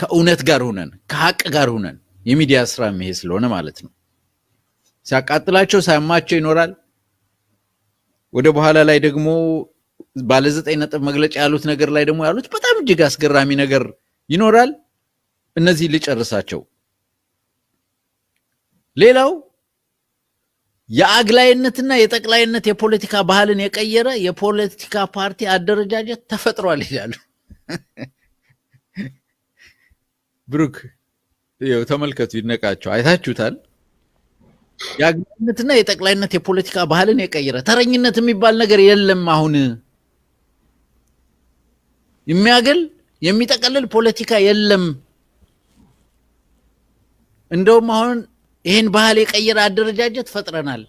ከእውነት ጋር ሁነን ከሀቅ ጋር ሁነን የሚዲያ ስራ ይሄ ስለሆነ ማለት ነው። ሲያቃጥላቸው ሳያማቸው ይኖራል። ወደ በኋላ ላይ ደግሞ ባለ ዘጠኝ ነጥብ መግለጫ ያሉት ነገር ላይ ደግሞ ያሉት በጣም እጅግ አስገራሚ ነገር ይኖራል። እነዚህ ልጨርሳቸው። ሌላው የአግላይነትና የጠቅላይነት የፖለቲካ ባህልን የቀየረ የፖለቲካ ፓርቲ አደረጃጀት ተፈጥሯል ይላሉ። ብሩክ ይኸው ተመልከቱ፣ ይነቃቸው። አይታችሁታል። የአግባብነትና የጠቅላይነት የፖለቲካ ባህልን የቀየረ ተረኝነት የሚባል ነገር የለም። አሁን የሚያገል የሚጠቀልል ፖለቲካ የለም። እንደውም አሁን ይህን ባህል የቀየረ አደረጃጀት ፈጥረናል።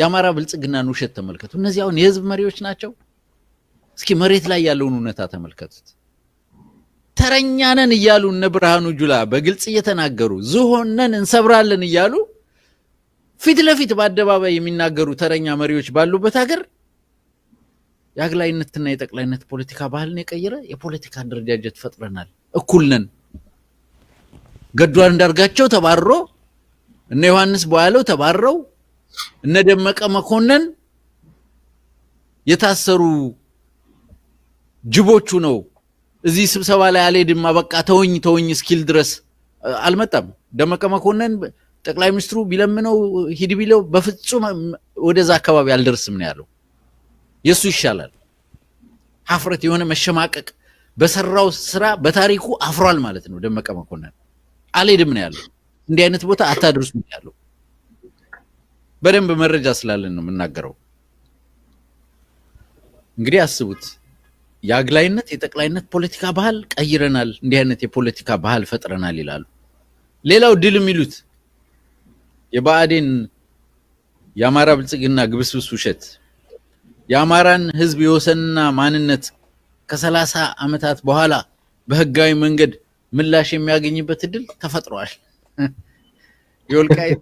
የአማራ ብልጽግናን ውሸት ተመልከቱ። እነዚህ አሁን የህዝብ መሪዎች ናቸው። እስኪ መሬት ላይ ያለውን እውነታ ተመልከቱት። ተረኛነን እያሉ እነ ብርሃኑ ጁላ በግልጽ እየተናገሩ ዝሆነን እንሰብራለን እያሉ ፊት ለፊት በአደባባይ የሚናገሩ ተረኛ መሪዎች ባሉበት ሀገር የአግላይነትና የጠቅላይነት ፖለቲካ ባህልን የቀየረ የፖለቲካ አደረጃጀት ፈጥረናል። እኩል ነን። እንዳርጋቸው ተባሮ እነ ዮሐንስ በያለው ተባረው፣ እነ ደመቀ መኮንን የታሰሩ ጅቦቹ ነው እዚህ ስብሰባ ላይ አልሄድም በቃ ተወኝ ተወኝ እስኪል ድረስ አልመጣም። ደመቀ መኮንን ጠቅላይ ሚኒስትሩ ቢለምነው ሂድ ቢለው በፍጹም ወደዛ አካባቢ አልደርስም ነው ያለው። የእሱ ይሻላል። ሀፍረት የሆነ መሸማቀቅ በሰራው ስራ በታሪኩ አፍሯል ማለት ነው። ደመቀ መኮንን አልሄድም ነው ያለው። እንዲህ አይነት ቦታ አታድርሱ ነው ያለው። በደንብ መረጃ ስላለን ነው የምናገረው። እንግዲህ አስቡት። የአግላይነት የጠቅላይነት ፖለቲካ ባህል ቀይረናል፣ እንዲህ አይነት የፖለቲካ ባህል ፈጥረናል ይላሉ። ሌላው ድል የሚሉት የብአዴን የአማራ ብልጽግና ግብስብስ ውሸት የአማራን ህዝብ የወሰንና ማንነት ከሰላሳ ዓመታት በኋላ በህጋዊ መንገድ ምላሽ የሚያገኝበት እድል ተፈጥሯል። የወልቃይት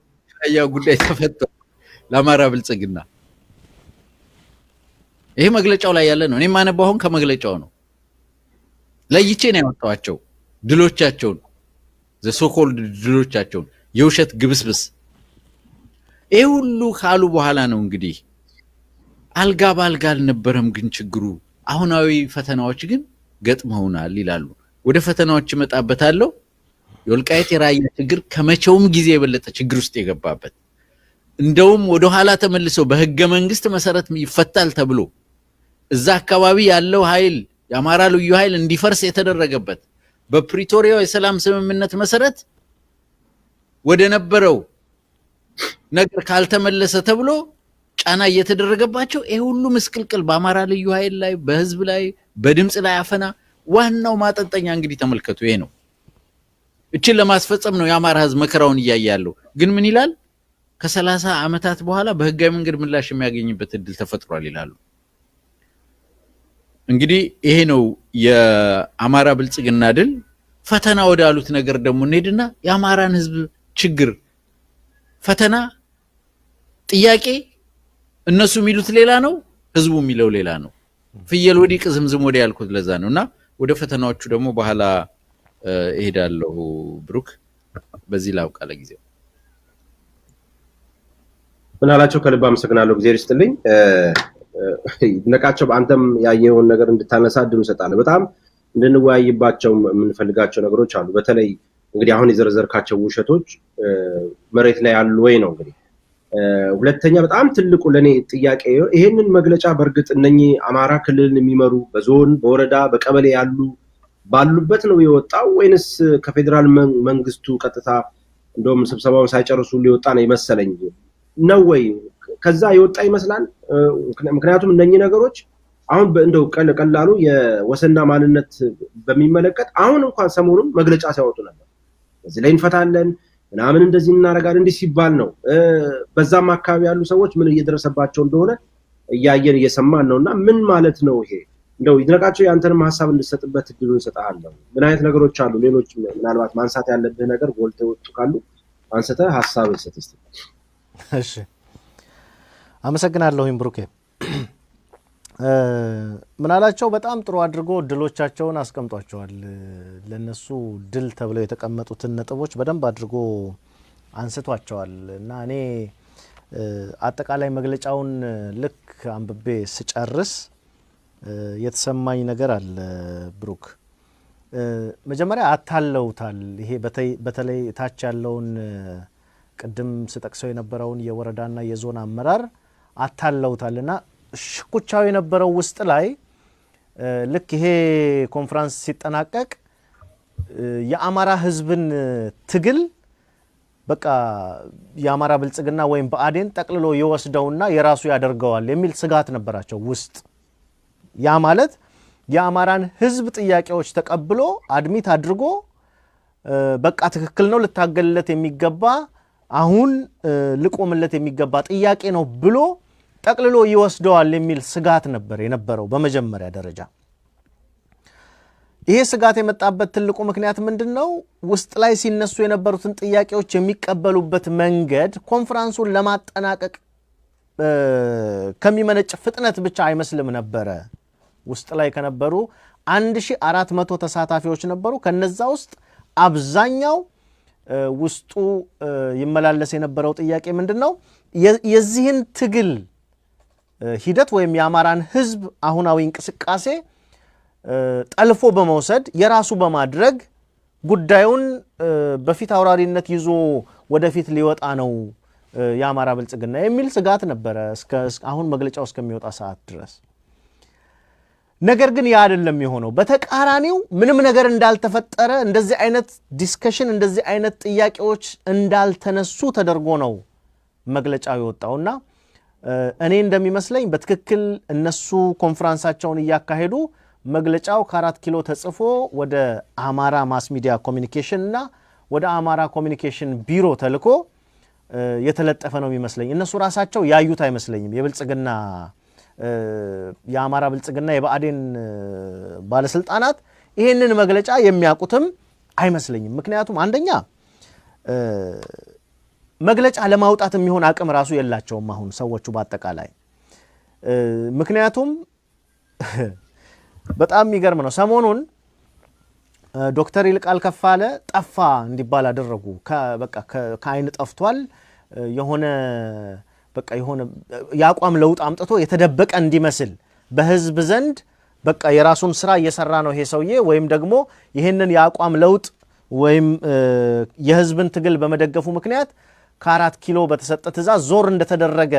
ጉዳይ ተፈጥሯል ለአማራ ብልጽግና ይሄ መግለጫው ላይ ያለ ነው። እኔ የማነባው አሁን ከመግለጫው ነው ለይቼ ነው ያወጣኋቸው። ድሎቻቸውን ዘሶኮልድ ድሎቻቸውን የውሸት ግብስብስ ይህ ሁሉ ካሉ በኋላ ነው እንግዲህ አልጋ በአልጋ አልነበረም ግን ችግሩ አሁናዊ ፈተናዎች ግን ገጥመውናል ይላሉ። ወደ ፈተናዎች እመጣበታለሁ። የወልቃይት የራያ ችግር ከመቼውም ጊዜ የበለጠ ችግር ውስጥ የገባበት እንደውም ወደኋላ ተመልሶ በህገ መንግስት መሰረት ይፈታል ተብሎ እዛ አካባቢ ያለው ኃይል የአማራ ልዩ ኃይል እንዲፈርስ የተደረገበት በፕሪቶሪያው የሰላም ስምምነት መሰረት ወደ ነበረው ነገር ካልተመለሰ ተብሎ ጫና እየተደረገባቸው ይህ ሁሉ ምስቅልቅል በአማራ ልዩ ኃይል ላይ፣ በህዝብ ላይ፣ በድምፅ ላይ አፈና። ዋናው ማጠንጠኛ እንግዲህ ተመልከቱ፣ ይሄ ነው። እችን ለማስፈጸም ነው የአማራ ህዝብ መከራውን እያየ ያለው። ግን ምን ይላል? ከሰላሳ ዓመታት በኋላ በህጋዊ መንገድ ምላሽ የሚያገኝበት እድል ተፈጥሯል ይላሉ። እንግዲህ ይሄ ነው የአማራ ብልጽግና ድል። ፈተና ወዳሉት ነገር ደግሞ እንሄድና የአማራን ህዝብ ችግር ፈተና ጥያቄ እነሱ የሚሉት ሌላ ነው፣ ህዝቡ የሚለው ሌላ ነው። ፍየል ወዲህ ቅዝምዝም ወዲህ ያልኩት ለዛ ነው። እና ወደ ፈተናዎቹ ደግሞ በኋላ እሄዳለሁ። ብሩክ በዚህ ላውቃ ለጊዜው። ምን አላቸው። ከልብ አመሰግናለሁ። ጊዜ ይስጥልኝ። ነቃቸው አንተም ያየውን ነገር እንድታነሳ እድሉ እንሰጣለን። በጣም እንድንወያይባቸው የምንፈልጋቸው ነገሮች አሉ። በተለይ እንግዲህ አሁን የዘረዘርካቸው ውሸቶች መሬት ላይ ያሉ ወይ ነው እንግዲህ ሁለተኛ በጣም ትልቁ ለእኔ ጥያቄ ይሄንን መግለጫ በእርግጥ እነኚህ አማራ ክልልን የሚመሩ በዞን በወረዳ በቀበሌ ያሉ ባሉበት ነው የወጣው ወይንስ ከፌዴራል መንግስቱ ቀጥታ እንደውም ስብሰባውን ሳይጨርሱ ሊወጣ ነው የመሰለኝ ነው ወይ ከዛ የወጣ ይመስላል። ምክንያቱም እነኚህ ነገሮች አሁን እንደው ቀላሉ የወሰና ማንነት በሚመለከት አሁን እንኳን ሰሞኑን መግለጫ ሲያወጡ ነበር። በዚህ ላይ እንፈታለን ምናምን እንደዚህ እናደርጋለን እንዲህ ሲባል ነው። በዛም አካባቢ ያሉ ሰዎች ምን እየደረሰባቸው እንደሆነ እያየን እየሰማን ነው። እና ምን ማለት ነው ይሄ? እንደው ይድነቃቸው የአንተንም ሀሳብ እንድሰጥበት እድሉ እንሰጥሃለሁ። ምን አይነት ነገሮች አሉ? ሌሎች ምናልባት ማንሳት ያለብህ ነገር ጎልተው ወጡ ካሉ አንስተ ሀሳብ እንሰጥ። እሺ አመሰግናለሁኝ ብሩኬ። ምናላቸው በጣም ጥሩ አድርጎ ድሎቻቸውን አስቀምጧቸዋል። ለነሱ ድል ተብለው የተቀመጡትን ነጥቦች በደንብ አድርጎ አንስቷቸዋል እና እኔ አጠቃላይ መግለጫውን ልክ አንብቤ ስጨርስ የተሰማኝ ነገር አለ ብሩክ። መጀመሪያ አታለውታል። ይሄ በተለይ ታች ያለውን ቅድም ስጠቅሰው የነበረውን የወረዳና የዞን አመራር አታለውታልና ሽኩቻው የነበረው ውስጥ ላይ ልክ ይሄ ኮንፈረንስ ሲጠናቀቅ የአማራ ህዝብን ትግል በቃ የአማራ ብልጽግና ወይም በአዴን ጠቅልሎ ይወስደውና የራሱ ያደርገዋል የሚል ስጋት ነበራቸው ውስጥ። ያ ማለት የአማራን ህዝብ ጥያቄዎች ተቀብሎ አድሚት አድርጎ በቃ ትክክል ነው ልታገልለት የሚገባ አሁን ልቆምለት የሚገባ ጥያቄ ነው ብሎ ጠቅልሎ ይወስደዋል የሚል ስጋት ነበር የነበረው በመጀመሪያ ደረጃ። ይሄ ስጋት የመጣበት ትልቁ ምክንያት ምንድን ነው? ውስጥ ላይ ሲነሱ የነበሩትን ጥያቄዎች የሚቀበሉበት መንገድ ኮንፈረንሱን ለማጠናቀቅ ከሚመነጭ ፍጥነት ብቻ አይመስልም ነበረ። ውስጥ ላይ ከነበሩ 1400 ተሳታፊዎች ነበሩ። ከነዛ ውስጥ አብዛኛው ውስጡ ይመላለስ የነበረው ጥያቄ ምንድን ነው? የዚህን ትግል ሂደት ወይም የአማራን ህዝብ አሁናዊ እንቅስቃሴ ጠልፎ በመውሰድ የራሱ በማድረግ ጉዳዩን በፊት አውራሪነት ይዞ ወደፊት ሊወጣ ነው የአማራ ብልጽግና የሚል ስጋት ነበረ። አሁን መግለጫው እስከሚወጣ ሰዓት ድረስ ነገር ግን ያ አይደለም የሆነው። በተቃራኒው ምንም ነገር እንዳልተፈጠረ እንደዚህ አይነት ዲስከሽን እንደዚህ አይነት ጥያቄዎች እንዳልተነሱ ተደርጎ ነው መግለጫው የወጣውና እኔ እንደሚመስለኝ በትክክል እነሱ ኮንፍራንሳቸውን እያካሄዱ መግለጫው ከአራት ኪሎ ተጽፎ ወደ አማራ ማስ ሚዲያ ኮሚኒኬሽን እና ወደ አማራ ኮሚኒኬሽን ቢሮ ተልኮ የተለጠፈ ነው የሚመስለኝ። እነሱ ራሳቸው ያዩት አይመስለኝም የብልጽግና የአማራ ብልጽግና የብአዴን ባለስልጣናት ይህንን መግለጫ የሚያውቁትም አይመስለኝም። ምክንያቱም አንደኛ መግለጫ ለማውጣት የሚሆን አቅም ራሱ የላቸውም አሁን ሰዎቹ በአጠቃላይ። ምክንያቱም በጣም የሚገርም ነው። ሰሞኑን ዶክተር ይልቃል ከፋለ ጠፋ እንዲባል አደረጉ። በቃ ከአይን ጠፍቷል የሆነ በቃ የሆነ የአቋም ለውጥ አምጥቶ የተደበቀ እንዲመስል በህዝብ ዘንድ በቃ የራሱን ስራ እየሰራ ነው ይሄ ሰውዬ ወይም ደግሞ ይህንን የአቋም ለውጥ ወይም የህዝብን ትግል በመደገፉ ምክንያት ከአራት ኪሎ በተሰጠ ትእዛዝ ዞር እንደተደረገ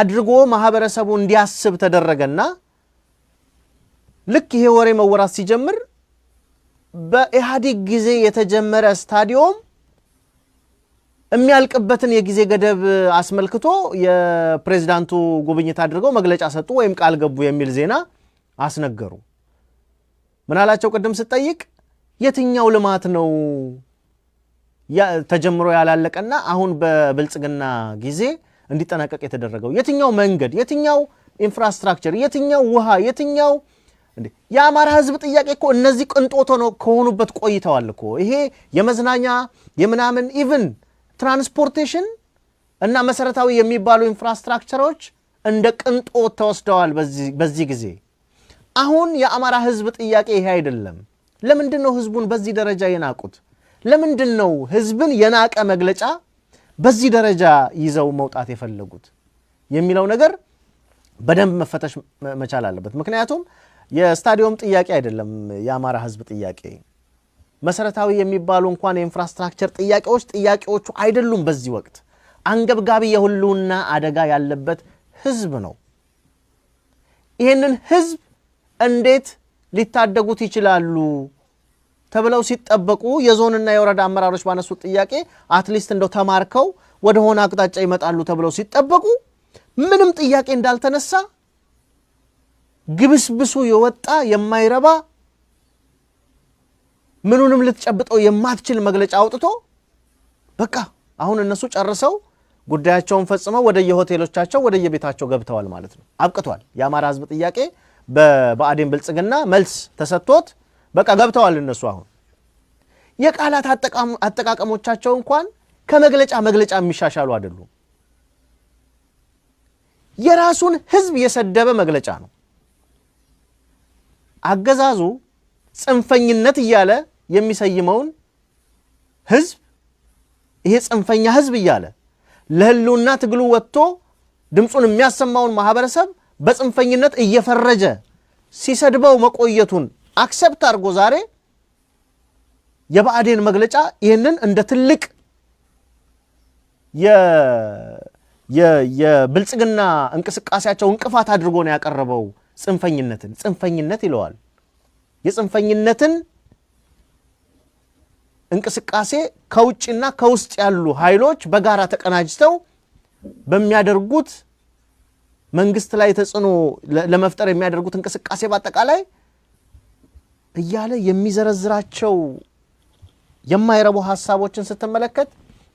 አድርጎ ማህበረሰቡ እንዲያስብ ተደረገና ልክ ይሄ ወሬ መወራት ሲጀምር በኢህአዴግ ጊዜ የተጀመረ ስታዲዮም የሚያልቅበትን የጊዜ ገደብ አስመልክቶ የፕሬዚዳንቱ ጉብኝት አድርገው መግለጫ ሰጡ ወይም ቃል ገቡ የሚል ዜና አስነገሩ። ምናላቸው ቅድም ስጠይቅ የትኛው ልማት ነው ተጀምሮ ያላለቀና አሁን በብልጽግና ጊዜ እንዲጠናቀቅ የተደረገው? የትኛው መንገድ፣ የትኛው ኢንፍራስትራክቸር፣ የትኛው ውሃ፣ የትኛው የአማራ ሕዝብ ጥያቄ እኮ እነዚህ ቅንጦት ከሆኑበት ቆይተዋል እኮ ይሄ የመዝናኛ የምናምን ኢቭን ትራንስፖርቴሽን እና መሰረታዊ የሚባሉ ኢንፍራስትራክቸሮች እንደ ቅንጦት ተወስደዋል። በዚህ ጊዜ አሁን የአማራ ህዝብ ጥያቄ ይሄ አይደለም። ለምንድን ነው ህዝቡን በዚህ ደረጃ የናቁት? ለምንድን ነው ህዝብን የናቀ መግለጫ በዚህ ደረጃ ይዘው መውጣት የፈለጉት የሚለው ነገር በደንብ መፈተሽ መቻል አለበት። ምክንያቱም የስታዲየም ጥያቄ አይደለም የአማራ ህዝብ ጥያቄ መሰረታዊ የሚባሉ እንኳን የኢንፍራስትራክቸር ጥያቄዎች ጥያቄዎቹ አይደሉም። በዚህ ወቅት አንገብጋቢ የሁሉና አደጋ ያለበት ህዝብ ነው። ይህንን ህዝብ እንዴት ሊታደጉት ይችላሉ ተብለው ሲጠበቁ የዞንና የወረዳ አመራሮች ባነሱት ጥያቄ አትሊስት እንደው ተማርከው ወደ ሆነ አቅጣጫ ይመጣሉ ተብለው ሲጠበቁ ምንም ጥያቄ እንዳልተነሳ ግብስብሱ የወጣ የማይረባ ምኑንም ልትጨብጠው የማትችል መግለጫ አውጥቶ በቃ አሁን እነሱ ጨርሰው ጉዳያቸውን ፈጽመው ወደ የሆቴሎቻቸው ወደ የቤታቸው ገብተዋል ማለት ነው። አብቅቷል። የአማራ ህዝብ ጥያቄ በብአዴን ብልጽግና መልስ ተሰጥቶት በቃ ገብተዋል እነሱ። አሁን የቃላት አጠቃቀሞቻቸው እንኳን ከመግለጫ መግለጫ የሚሻሻሉ አይደሉም። የራሱን ህዝብ የሰደበ መግለጫ ነው አገዛዙ ጽንፈኝነት እያለ የሚሰይመውን ህዝብ ይሄ ጽንፈኛ ህዝብ እያለ ለህልውና ትግሉ ወጥቶ ድምፁን የሚያሰማውን ማህበረሰብ በጽንፈኝነት እየፈረጀ ሲሰድበው መቆየቱን አክሰፕት አድርጎ ዛሬ የብአዴን መግለጫ ይህንን እንደ ትልቅ የብልጽግና እንቅስቃሴያቸው እንቅፋት አድርጎ ነው ያቀረበው። ጽንፈኝነትን ጽንፈኝነት ይለዋል። የጽንፈኝነትን እንቅስቃሴ ከውጭና ከውስጥ ያሉ ኃይሎች በጋራ ተቀናጅተው በሚያደርጉት መንግስት ላይ ተጽዕኖ ለመፍጠር የሚያደርጉት እንቅስቃሴ በአጠቃላይ እያለ የሚዘረዝራቸው የማይረቡ ሀሳቦችን ስትመለከት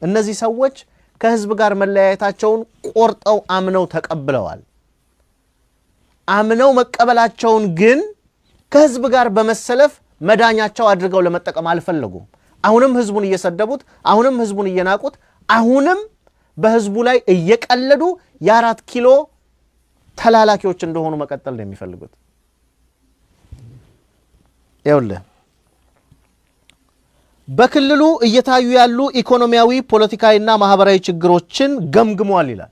እነዚህ ሰዎች ከህዝብ ጋር መለያየታቸውን ቆርጠው አምነው ተቀብለዋል። አምነው መቀበላቸውን ግን ከህዝብ ጋር በመሰለፍ መዳኛቸው አድርገው ለመጠቀም አልፈለጉም። አሁንም ህዝቡን እየሰደቡት፣ አሁንም ህዝቡን እየናቁት፣ አሁንም በህዝቡ ላይ እየቀለዱ የአራት ኪሎ ተላላኪዎች እንደሆኑ መቀጠል ነው የሚፈልጉት። ይኸውልህ በክልሉ እየታዩ ያሉ ኢኮኖሚያዊ ፖለቲካዊና ማህበራዊ ችግሮችን ገምግሟል ይላል።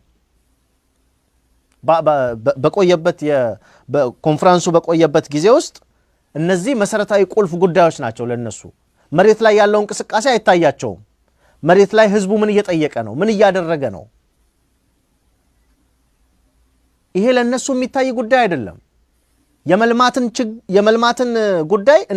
በቆየበት ኮንፈረንሱ በቆየበት ጊዜ ውስጥ እነዚህ መሰረታዊ ቁልፍ ጉዳዮች ናቸው ለነሱ። መሬት ላይ ያለው እንቅስቃሴ አይታያቸውም። መሬት ላይ ህዝቡ ምን እየጠየቀ ነው? ምን እያደረገ ነው? ይሄ ለእነሱ የሚታይ ጉዳይ አይደለም። የመልማትን ጉዳይ